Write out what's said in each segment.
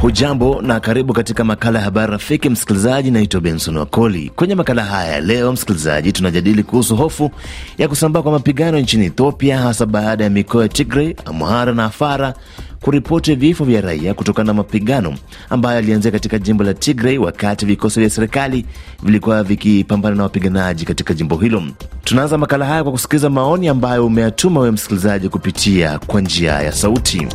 Hujambo na karibu katika makala ya habari rafiki, msikilizaji. Naitwa Benson Wakoli. Kwenye makala haya ya leo, msikilizaji, tunajadili kuhusu hofu ya kusambaa kwa mapigano nchini Ethiopia, hasa baada ya mikoa ya Tigray, Amhara na Afara kuripoti vifo vya raia kutokana na mapigano ambayo yalianzia katika jimbo la Tigray wakati vikosi vya serikali vilikuwa vikipambana na wapiganaji katika jimbo hilo. Tunaanza makala haya kwa kusikiliza maoni ambayo umeyatuma wewe msikilizaji kupitia kwa njia ya sauti.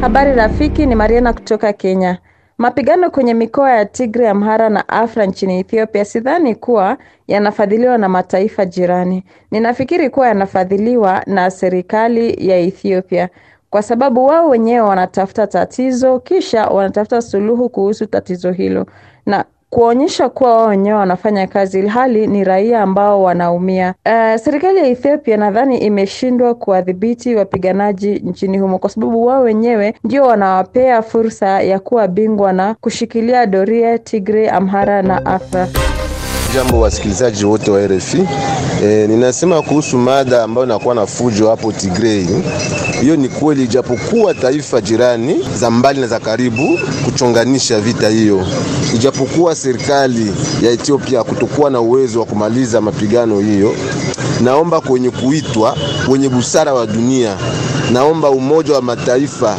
Habari rafiki, ni Mariana kutoka Kenya. Mapigano kwenye mikoa ya Tigray, Amhara na Afra nchini Ethiopia sidhani kuwa yanafadhiliwa na mataifa jirani. Ninafikiri kuwa yanafadhiliwa na serikali ya Ethiopia kwa sababu wao wenyewe wanatafuta tatizo kisha wanatafuta suluhu kuhusu tatizo hilo na kuonyesha kuwa wao wenyewe wanafanya kazi ilhali ni raia ambao wanaumia. Uh, serikali ya Ethiopia nadhani imeshindwa kuwadhibiti wapiganaji nchini humo, kwa sababu wao wenyewe ndio wanawapea fursa ya kuwa bingwa na kushikilia doria Tigray, Amhara na Afar. Jambo wasikilizaji wote wa RFI. E, eh, ninasema kuhusu mada ambayo inakuwa na fujo hapo Tigray. Hiyo ni kweli, ijapokuwa taifa jirani za mbali na za karibu kuchonganisha vita hiyo, ijapokuwa serikali ya Ethiopia kutokuwa na uwezo wa kumaliza mapigano hiyo, naomba kwenye kuitwa wenye busara wa dunia Naomba Umoja wa Mataifa,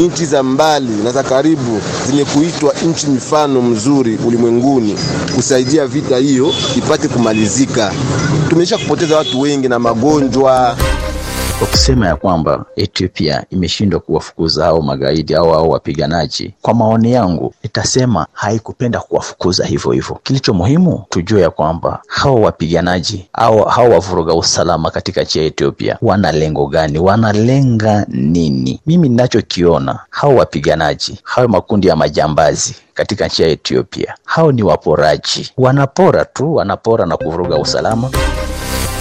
nchi za mbali na za karibu zenye kuitwa nchi mifano mzuri ulimwenguni kusaidia vita hiyo ipate kumalizika. Tumesha kupoteza watu wengi na magonjwa kwa kusema ya kwamba Ethiopia imeshindwa kuwafukuza hao magaidi au hao wapiganaji, kwa maoni yangu itasema haikupenda kuwafukuza hivyo hivyo. Kilicho muhimu tujue ya kwamba hao wapiganaji au hao wavuruga usalama katika nchi ya Ethiopia wana lengo gani? Wanalenga nini? Mimi ninachokiona hao wapiganaji, hao makundi ya majambazi katika nchi ya Ethiopia, hao ni waporaji, wanapora tu, wanapora na kuvuruga usalama.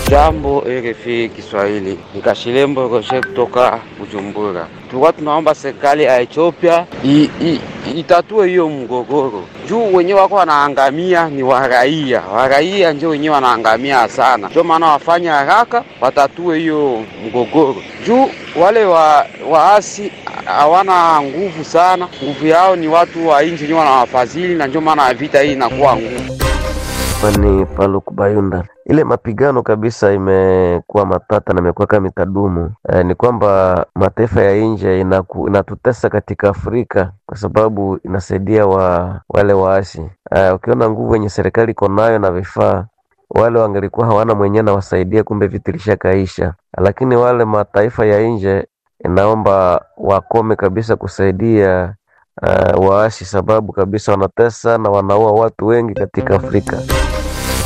Jambo RFI Kiswahili, nikashilembo Roger kutoka Bujumbura. Tulikuwa tunaomba serikali ya Ethiopia itatue hiyo mgogoro juu wenyewe wako wanaangamia ni waraia, waraia ndio wenyewe wanaangamia sana. Ndio maana wafanya haraka watatue hiyo mgogoro juu wale wa, waasi hawana nguvu sana, nguvu yao ni watu wa nje wenyewe wanawafadhili, na ndio maana vita hii inakuwa ngumu. Pale Paluku Bayunda ile mapigano kabisa imekuwa matata na imekuwa kama itadumu. E, ni kwamba mataifa ya nje inatutesa katika Afrika kwa sababu inasaidia wa, wale waasi. E, ukiona nguvu yenye serikali iko nayo na vifaa wale wangelikuwa hawana mwenyewe nawasaidia, kumbe vitilisha kaisha. Lakini wale mataifa ya nje inaomba wakome kabisa kusaidia uh, waasi, sababu kabisa wanatesa na wanaua watu wengi katika Afrika.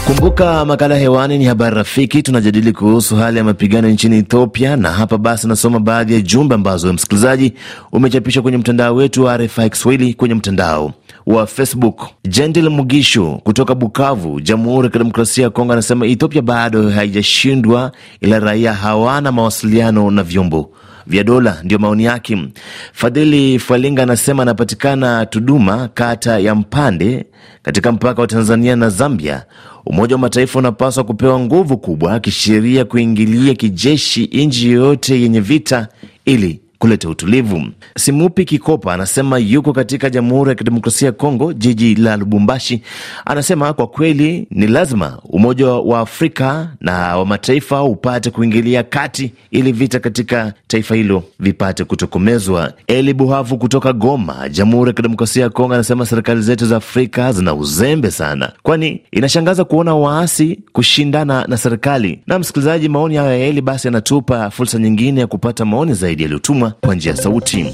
Kumbuka makala hewani ni habari rafiki. Tunajadili kuhusu hali ya mapigano nchini Ethiopia, na hapa basi nasoma baadhi ya jumbe ambazo msikilizaji umechapishwa kwenye mtandao wetu wa RFI Kiswahili kwenye mtandao wa Facebook. Jendel Mugisho kutoka Bukavu, Jamhuri ya Kidemokrasia ya Kongo, anasema Ethiopia bado haijashindwa, ila raia hawana mawasiliano na vyombo vya dola. Ndio maoni yake. Fadhili Fwalinga anasema anapatikana Tuduma, kata ya Mpande, katika mpaka wa Tanzania na Zambia. Umoja wa Mataifa unapaswa kupewa nguvu kubwa kisheria kuingilia kijeshi nchi yoyote yenye vita ili kuleta utulivu. Simupi Kikopa anasema yuko katika Jamhuri ya Kidemokrasia ya Kongo, jiji la Lubumbashi. Anasema kwa kweli ni lazima Umoja wa Afrika na wa mataifa upate kuingilia kati ili vita katika taifa hilo vipate kutokomezwa. Eli Buhavu kutoka Goma, Jamhuri ya Kidemokrasia ya Kongo, anasema serikali zetu za Afrika zina uzembe sana, kwani inashangaza kuona waasi kushindana na serikali. Na msikilizaji, maoni hayo ya Eli basi anatupa fursa nyingine ya kupata maoni zaidi yaliyotumwa kwa njia sauti.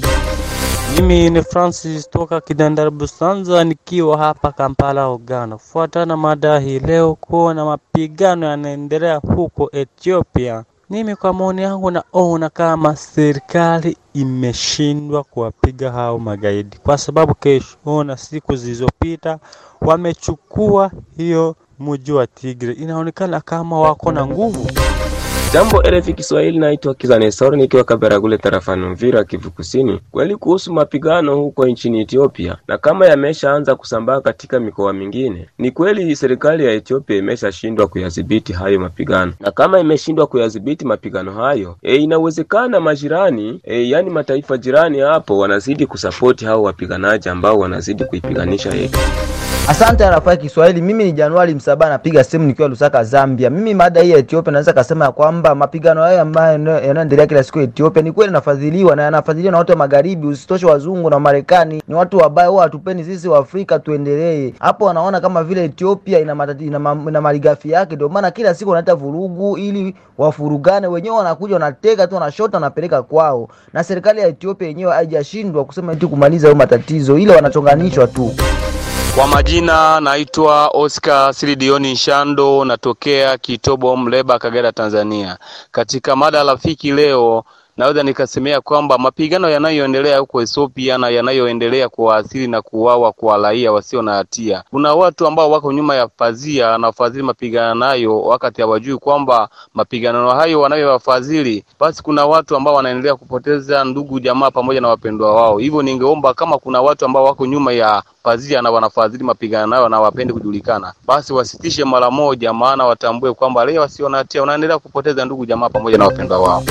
Mimi ni Francis toka Kidandara Busanza nikiwa hapa Kampala, Uganda. Fuatana mada hii leo, kuona na mapigano yanaendelea huko Ethiopia. Mimi kwa maoni yangu naona kama serikali imeshindwa kuwapiga hao magaidi, kwa sababu kesho na siku zilizopita wamechukua hiyo mji wa Tigre, inaonekana kama wako na nguvu. Jambo RFI Kiswahili, naitwa Kizanesauri nikiwa Kabera kule tarafani Mvira, Kivu Kusini. Kweli kuhusu mapigano huko nchini Ethiopia na kama yameshaanza kusambaa katika mikoa mingine, ni kweli serikali ya Ethiopia imeshashindwa kuyadhibiti hayo mapigano, na kama imeshindwa kuyadhibiti mapigano hayo e, inawezekana majirani e, yani mataifa jirani hapo wanazidi kusapoti hao wapiganaji ambao wanazidi kuipiganisha yetu. Asante RFI Kiswahili. Mimi ni Januari Msaba, napiga simu nikiwa Lusaka, Zambia. Mimi mada hii ya Ethiopia naweza kusema ya kwamba mapigano hayo ambayo yanaendelea kila siku Ethiopia ni kweli nafadhiliwa na yanafadhiliwa na watu wa magharibi, usitoshe wazungu na Marekani. Ni watu wabaya, wao hatupeni sisi wa Afrika tuendelee. Hapo wanaona kama vile Ethiopia ina matati, ina, ma, ina malighafi yake, ndio maana kila siku wanaita vurugu ili wafurugane. Wenyewe wanakuja wanateka tu, wanashota wanapeleka kwao, na serikali ya Ethiopia yenyewe haijashindwa kusema eti kumaliza hayo matatizo, ila wanachonganishwa tu. Kwa majina naitwa Oscar Silidioni Nshando, natokea Kitobo Mleba, Kagera, Tanzania. Katika mada rafiki leo naweza nikasemea kwamba mapigano yanayoendelea huko Ethiopia na yanayoendelea kuwaathiri na kuuawa kwa raia wasio na hatia, kuna watu ambao wako nyuma ya fadhia na wafadhili mapigano nayo, wakati hawajui kwamba mapigano hayo wanayowafadhili, basi kuna watu ambao wanaendelea kupoteza ndugu, jamaa pamoja na wapendwa wao. Hivyo ningeomba kama kuna watu ambao wako nyuma ya fadhia na wanafadhili mapigano nayo na wapende kujulikana, basi wasitishe mara moja, maana watambue kwamba raia wasio na hatia wanaendelea kupoteza ndugu, jamaa pamoja na wapendwa wao.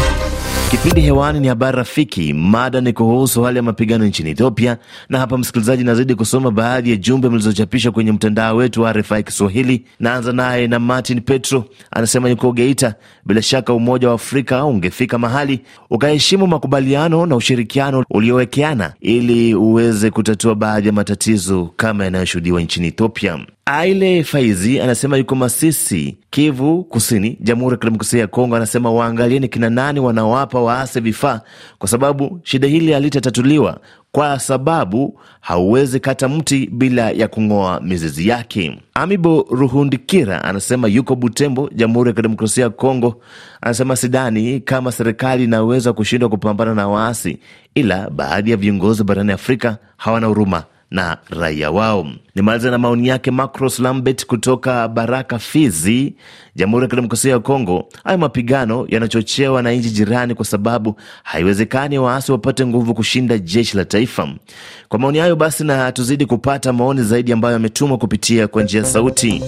Kipindi hewani ni habari rafiki. Mada ni kuhusu hali ya mapigano nchini Ethiopia, na hapa msikilizaji, nazidi kusoma baadhi ya jumbe mlizochapishwa kwenye mtandao wetu wa RFI Kiswahili. Naanza naye na Martin Petro, anasema yuko Geita. Bila shaka Umoja wa Afrika ungefika mahali ukaheshimu makubaliano na ushirikiano uliowekeana ili uweze kutatua baadhi ya matatizo kama yanayoshuhudiwa nchini Ethiopia. Aile Faizi anasema yuko Masisi, Kivu Kusini, Jamhuri ya Kidemokrasia ya Kongo. Anasema waangalieni kina nani wanawapa waase vifaa, kwa sababu shida hili halitatatuliwa, kwa sababu hauwezi kata mti bila ya kung'oa mizizi yake. Amibo Ruhundikira anasema yuko Butembo, Jamhuri ya Kidemokrasia ya Kongo. Anasema sidhani kama serikali inaweza kushindwa kupambana na waasi, ila baadhi ya viongozi barani Afrika hawana huruma na raia wao. Nimalize na maoni yake Macros Lambert kutoka Baraka, Fizi, Jamhuri ya Kidemokrasia ya Kongo. Hayo mapigano yanachochewa na nchi jirani, kwa sababu haiwezekani waasi wapate nguvu kushinda jeshi la taifa. Kwa maoni hayo basi, na tuzidi kupata maoni zaidi ambayo yametumwa kupitia kwa njia sauti.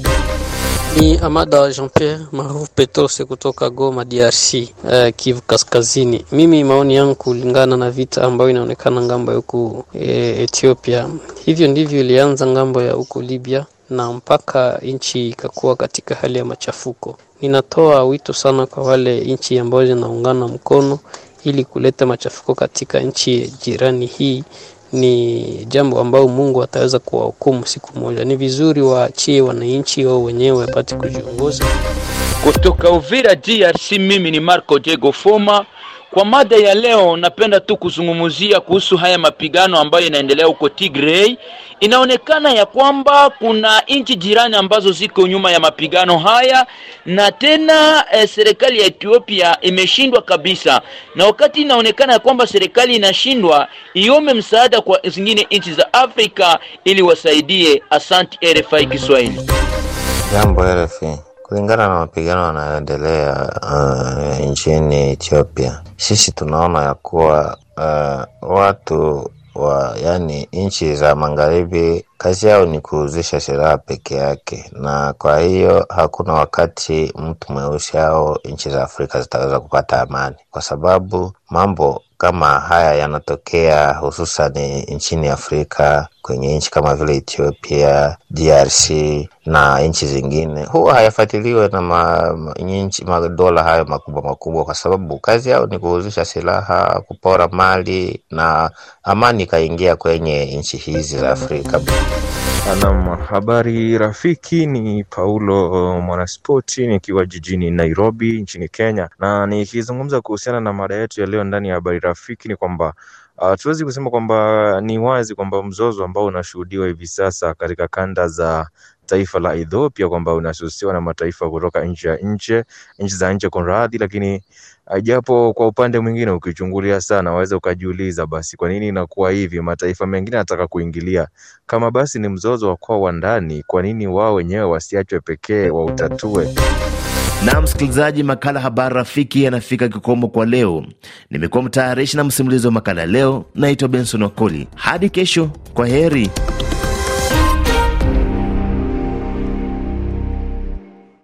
Ni Amada Jean Pierre maarufu Petrose kutoka Goma, DRC, eh, Kivu Kaskazini. Mimi maoni yangu kulingana na vita ambayo inaonekana ngambo ya huku eh, Ethiopia, hivyo ndivyo ilianza ngambo ya huku Libya na mpaka nchi ikakuwa katika hali ya machafuko. Ninatoa wito sana kwa wale nchi ambayo zinaungana mkono ili kuleta machafuko katika nchi jirani hii ni jambo ambao Mungu ataweza kuwahukumu siku moja. Ni vizuri waachie wananchi wao wenyewe wapate kujiongoza. Kutoka Uvira DRC, mimi ni Marco Diego Foma. Kwa mada ya leo napenda tu kuzungumzia kuhusu haya mapigano ambayo inaendelea huko Tigray. Inaonekana ya kwamba kuna nchi jirani ambazo ziko nyuma ya mapigano haya, na tena e, serikali ya Ethiopia imeshindwa kabisa, na wakati inaonekana ya kwamba serikali inashindwa, iombe msaada kwa zingine nchi za Afrika ili wasaidie. Asante RFI Kiswahili. Jambo RFI. Kulingana na mapigano yanayoendelea uh, nchini Ethiopia, sisi tunaona ya kuwa uh, watu wa yani nchi za magharibi kazi yao ni kuuzisha silaha peke yake, na kwa hiyo hakuna wakati mtu mweusi au nchi za Afrika zitaweza kupata amani, kwa sababu mambo kama haya yanatokea hususan nchini Afrika kwenye nchi kama vile Ethiopia, DRC na nchi zingine huwa hayafuatiliwe na ma, nchi madola hayo makubwa makubwa, kwa sababu kazi yao ni kuhuzisha silaha, kupora mali na amani ikaingia kwenye nchi hizi za Afrika. Nam, habari rafiki, ni Paulo Mwanaspoti nikiwa jijini Nairobi nchini Kenya, na nikizungumza kuhusiana na mada yetu ya leo ndani ya habari rafiki ni kwamba Uh, tuwezi kusema kwamba ni wazi kwamba mzozo ambao unashuhudiwa hivi sasa katika kanda za taifa la Ethiopia kwamba unasusiwa na mataifa kutoka nchi ya nje nchi za nje radhi lakini ah, japo kwa upande mwingine ukichungulia sana waweza ukajiuliza basi kwa nini inakuwa hivi, mataifa mengine anataka kuingilia. Kama basi ni mzozo wa kwao wa ndani, kwa nini wao wenyewe wasiachwe pekee wautatue? Na msikilizaji, makala Habari Rafiki yanafika kikomo kwa leo. Nimekuwa mtayarishi na msimulizi wa makala leo, naitwa Benson Wakoli. Hadi kesho, kwa heri.